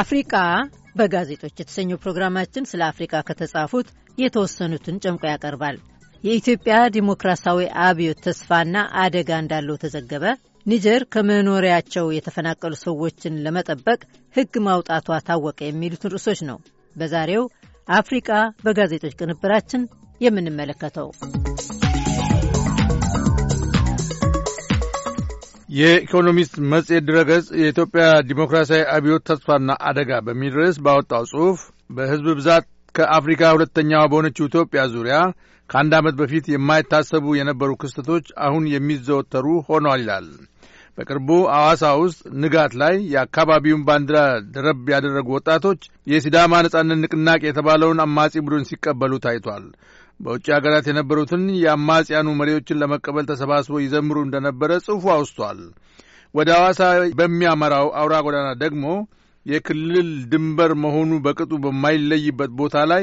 አፍሪቃ በጋዜጦች የተሰኘው ፕሮግራማችን ስለ አፍሪካ ከተጻፉት የተወሰኑትን ጨምቆ ያቀርባል። የኢትዮጵያ ዲሞክራሲያዊ አብዮት ተስፋና አደጋ እንዳለው ተዘገበ፣ ኒጀር ከመኖሪያቸው የተፈናቀሉ ሰዎችን ለመጠበቅ ሕግ ማውጣቷ ታወቀ፣ የሚሉትን ርዕሶች ነው በዛሬው አፍሪቃ በጋዜጦች ቅንብራችን የምንመለከተው። የኢኮኖሚስት መጽሔት ድረገጽ የኢትዮጵያ ዲሞክራሲያዊ አብዮት ተስፋና አደጋ በሚል ርዕስ ባወጣው ጽሑፍ በሕዝብ ብዛት ከአፍሪካ ሁለተኛዋ በሆነችው ኢትዮጵያ ዙሪያ ከአንድ ዓመት በፊት የማይታሰቡ የነበሩ ክስተቶች አሁን የሚዘወተሩ ሆኗል ይላል። በቅርቡ አዋሳ ውስጥ ንጋት ላይ የአካባቢውን ባንዲራ ደረብ ያደረጉ ወጣቶች የሲዳማ ነጻነት ንቅናቄ የተባለውን አማጺ ቡድን ሲቀበሉ ታይቷል። በውጭ ሀገራት የነበሩትን የአማጽያኑ መሪዎችን ለመቀበል ተሰባስበው ይዘምሩ እንደነበረ ጽሑፉ አውስቷል። ወደ አዋሳ በሚያመራው አውራ ጎዳና ደግሞ የክልል ድንበር መሆኑ በቅጡ በማይለይበት ቦታ ላይ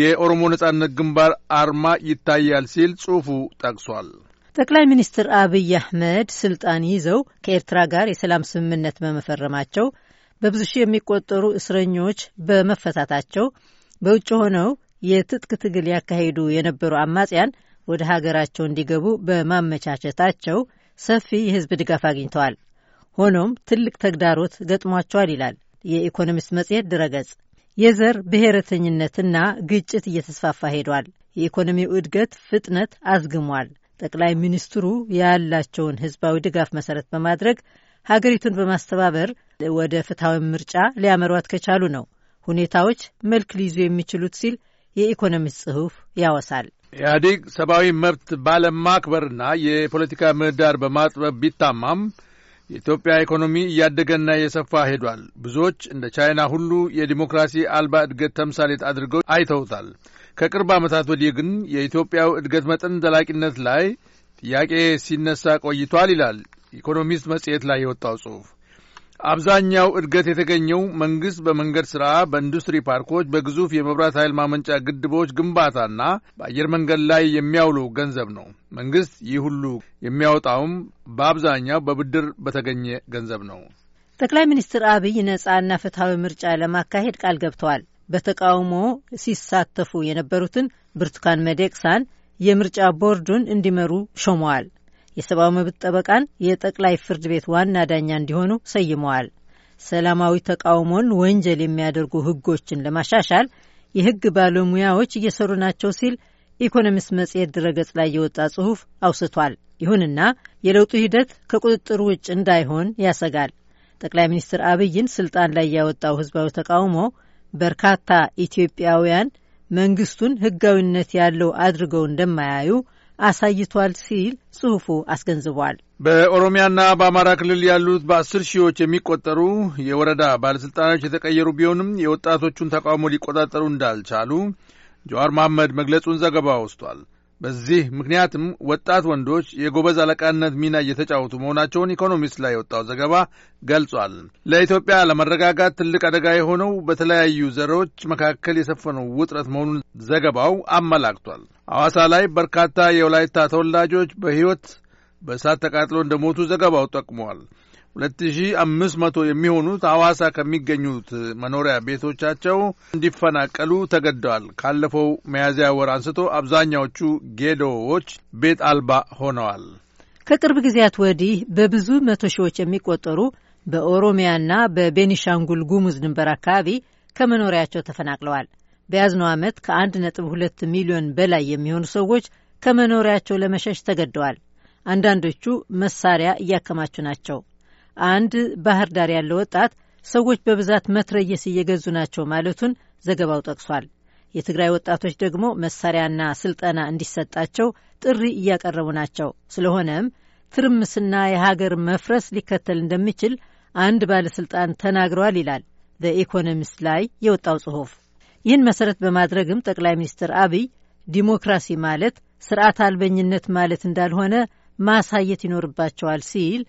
የኦሮሞ ነጻነት ግንባር አርማ ይታያል ሲል ጽሑፉ ጠቅሷል። ጠቅላይ ሚኒስትር አብይ አህመድ ስልጣን ይዘው ከኤርትራ ጋር የሰላም ስምምነት በመፈረማቸው በብዙ ሺህ የሚቆጠሩ እስረኞች በመፈታታቸው በውጭ ሆነው የትጥቅ ትግል ያካሄዱ የነበሩ አማጽያን ወደ ሀገራቸው እንዲገቡ በማመቻቸታቸው ሰፊ የህዝብ ድጋፍ አግኝተዋል። ሆኖም ትልቅ ተግዳሮት ገጥሟቸዋል ይላል የኢኮኖሚስት መጽሔት ድረገጽ። የዘር ብሔረተኝነትና ግጭት እየተስፋፋ ሄዷል። የኢኮኖሚው እድገት ፍጥነት አዝግሟል። ጠቅላይ ሚኒስትሩ ያላቸውን ህዝባዊ ድጋፍ መሰረት በማድረግ ሀገሪቱን በማስተባበር ወደ ፍትሐዊ ምርጫ ሊያመሯት ከቻሉ ነው ሁኔታዎች መልክ ሊይዙ የሚችሉት ሲል የኢኮኖሚስት ጽሑፍ ያወሳል። ኢህአዴግ ሰብአዊ መብት ባለማክበርና የፖለቲካ ምህዳር በማጥበብ ቢታማም የኢትዮጵያ ኢኮኖሚ እያደገና እየሰፋ ሄዷል። ብዙዎች እንደ ቻይና ሁሉ የዲሞክራሲ አልባ እድገት ተምሳሌት አድርገው አይተውታል። ከቅርብ ዓመታት ወዲህ ግን የኢትዮጵያው እድገት መጠን ዘላቂነት ላይ ጥያቄ ሲነሳ ቆይቷል ይላል ኢኮኖሚስት መጽሔት ላይ የወጣው ጽሑፍ። አብዛኛው እድገት የተገኘው መንግሥት በመንገድ ሥራ፣ በኢንዱስትሪ ፓርኮች፣ በግዙፍ የመብራት ኃይል ማመንጫ ግድቦች ግንባታና በአየር መንገድ ላይ የሚያውሉ ገንዘብ ነው። መንግሥት ይህ ሁሉ የሚያወጣውም በአብዛኛው በብድር በተገኘ ገንዘብ ነው። ጠቅላይ ሚኒስትር አብይ ነጻና ፍትሐዊ ምርጫ ለማካሄድ ቃል ገብተዋል። በተቃውሞ ሲሳተፉ የነበሩትን ብርቱካን መደቅሳን የምርጫ ቦርዱን እንዲመሩ ሾመዋል። የሰብአዊ መብት ጠበቃን የጠቅላይ ፍርድ ቤት ዋና ዳኛ እንዲሆኑ ሰይመዋል። ሰላማዊ ተቃውሞን ወንጀል የሚያደርጉ ህጎችን ለማሻሻል የህግ ባለሙያዎች እየሰሩ ናቸው ሲል ኢኮኖሚስት መጽሔት ድረገጽ ላይ የወጣ ጽሑፍ አውስቷል። ይሁንና የለውጡ ሂደት ከቁጥጥር ውጭ እንዳይሆን ያሰጋል። ጠቅላይ ሚኒስትር አብይን ስልጣን ላይ ያወጣው ህዝባዊ ተቃውሞ በርካታ ኢትዮጵያውያን መንግስቱን ህጋዊነት ያለው አድርገው እንደማያዩ አሳይቷል ሲል ጽሑፉ አስገንዝቧል። በኦሮሚያና በአማራ ክልል ያሉት በአስር ሺዎች የሚቆጠሩ የወረዳ ባለሥልጣኖች የተቀየሩ ቢሆንም የወጣቶቹን ተቃውሞ ሊቆጣጠሩ እንዳልቻሉ ጀዋር መሐመድ መግለጹን ዘገባ ወስቷል። በዚህ ምክንያትም ወጣት ወንዶች የጎበዝ አለቃነት ሚና እየተጫወቱ መሆናቸውን ኢኮኖሚስት ላይ የወጣው ዘገባ ገልጿል። ለኢትዮጵያ ለመረጋጋት ትልቅ አደጋ የሆነው በተለያዩ ዘሮች መካከል የሰፈነው ውጥረት መሆኑን ዘገባው አመላክቷል። አዋሳ ላይ በርካታ የወላይታ ተወላጆች በሕይወት በእሳት ተቃጥሎ እንደሞቱ ዘገባው ጠቁመዋል። ሁለት ሺህ አምስት መቶ የሚሆኑት ሐዋሳ ከሚገኙት መኖሪያ ቤቶቻቸው እንዲፈናቀሉ ተገደዋል። ካለፈው መያዝያ ወር አንስቶ አብዛኛዎቹ ጌዶዎች ቤት አልባ ሆነዋል። ከቅርብ ጊዜያት ወዲህ በብዙ መቶ ሺዎች የሚቆጠሩ በኦሮሚያና በቤኒሻንጉል ጉሙዝ ድንበር አካባቢ ከመኖሪያቸው ተፈናቅለዋል። በያዝነው ዓመት ከ1.2 ሚሊዮን በላይ የሚሆኑ ሰዎች ከመኖሪያቸው ለመሸሽ ተገደዋል። አንዳንዶቹ መሳሪያ እያከማቹ ናቸው። አንድ ባህር ዳር ያለ ወጣት ሰዎች በብዛት መትረየስ እየገዙ ናቸው ማለቱን ዘገባው ጠቅሷል። የትግራይ ወጣቶች ደግሞ መሳሪያና ስልጠና እንዲሰጣቸው ጥሪ እያቀረቡ ናቸው። ስለሆነም ትርምስና የሀገር መፍረስ ሊከተል እንደሚችል አንድ ባለስልጣን ተናግረዋል ይላል በኢኮኖሚስት ላይ የወጣው ጽሑፍ። ይህን መሰረት በማድረግም ጠቅላይ ሚኒስትር አብይ ዲሞክራሲ ማለት ስርዓት አልበኝነት ማለት እንዳልሆነ ማሳየት ይኖርባቸዋል ሲል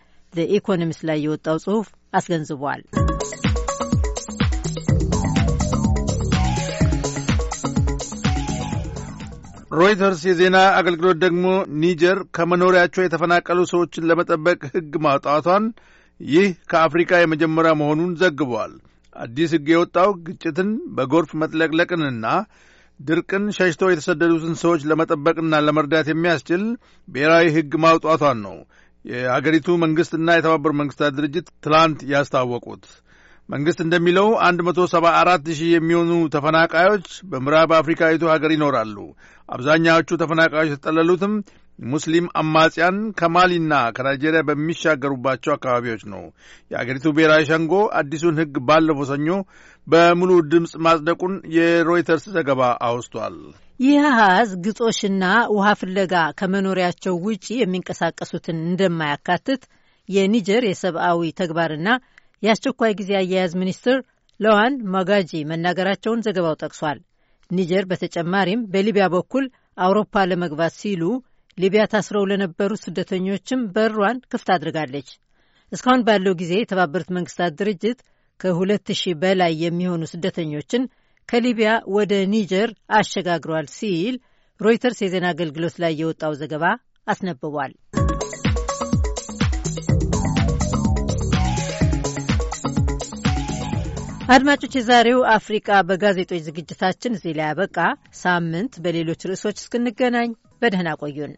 ኢኮኖሚስት ላይ የወጣው ጽሁፍ አስገንዝቧል። ሮይተርስ የዜና አገልግሎት ደግሞ ኒጀር ከመኖሪያቸው የተፈናቀሉ ሰዎችን ለመጠበቅ ሕግ ማውጣቷን ይህ ከአፍሪካ የመጀመሪያ መሆኑን ዘግቧል። አዲስ ሕግ የወጣው ግጭትን፣ በጎርፍ መጥለቅለቅንና ድርቅን ሸሽተው የተሰደዱትን ሰዎች ለመጠበቅና ለመርዳት የሚያስችል ብሔራዊ ሕግ ማውጣቷን ነው። የአገሪቱ መንግሥትና የተባበሩት መንግሥታት ድርጅት ትላንት ያስታወቁት መንግሥት እንደሚለው 174 ሺህ የሚሆኑ ተፈናቃዮች በምዕራብ አፍሪካዊቱ ሀገር ይኖራሉ። አብዛኛዎቹ ተፈናቃዮች የተጠለሉትም ሙስሊም አማጽያን ከማሊና ከናይጄሪያ በሚሻገሩባቸው አካባቢዎች ነው። የአገሪቱ ብሔራዊ ሸንጎ አዲሱን ሕግ ባለፈው ሰኞ በሙሉ ድምፅ ማጽደቁን የሮይተርስ ዘገባ አውስቷል። ይህ አሃዝ ግጦሽና ውሃ ፍለጋ ከመኖሪያቸው ውጪ የሚንቀሳቀሱትን እንደማያካትት የኒጀር የሰብአዊ ተግባርና የአስቸኳይ ጊዜ አያያዝ ሚኒስትር ለዋን ማጋጂ መናገራቸውን ዘገባው ጠቅሷል። ኒጀር በተጨማሪም በሊቢያ በኩል አውሮፓ ለመግባት ሲሉ ሊቢያ ታስረው ለነበሩ ስደተኞችም በሯን ክፍት አድርጋለች። እስካሁን ባለው ጊዜ የተባበሩት መንግስታት ድርጅት ከሁለት ሺህ በላይ የሚሆኑ ስደተኞችን ከሊቢያ ወደ ኒጀር አሸጋግሯል ሲል ሮይተርስ የዜና አገልግሎት ላይ የወጣው ዘገባ አስነብቧል። አድማጮች፣ የዛሬው አፍሪቃ በጋዜጦች ዝግጅታችን እዚህ ላይ ያበቃ። ሳምንት በሌሎች ርዕሶች እስክንገናኝ በደህና ቆዩን።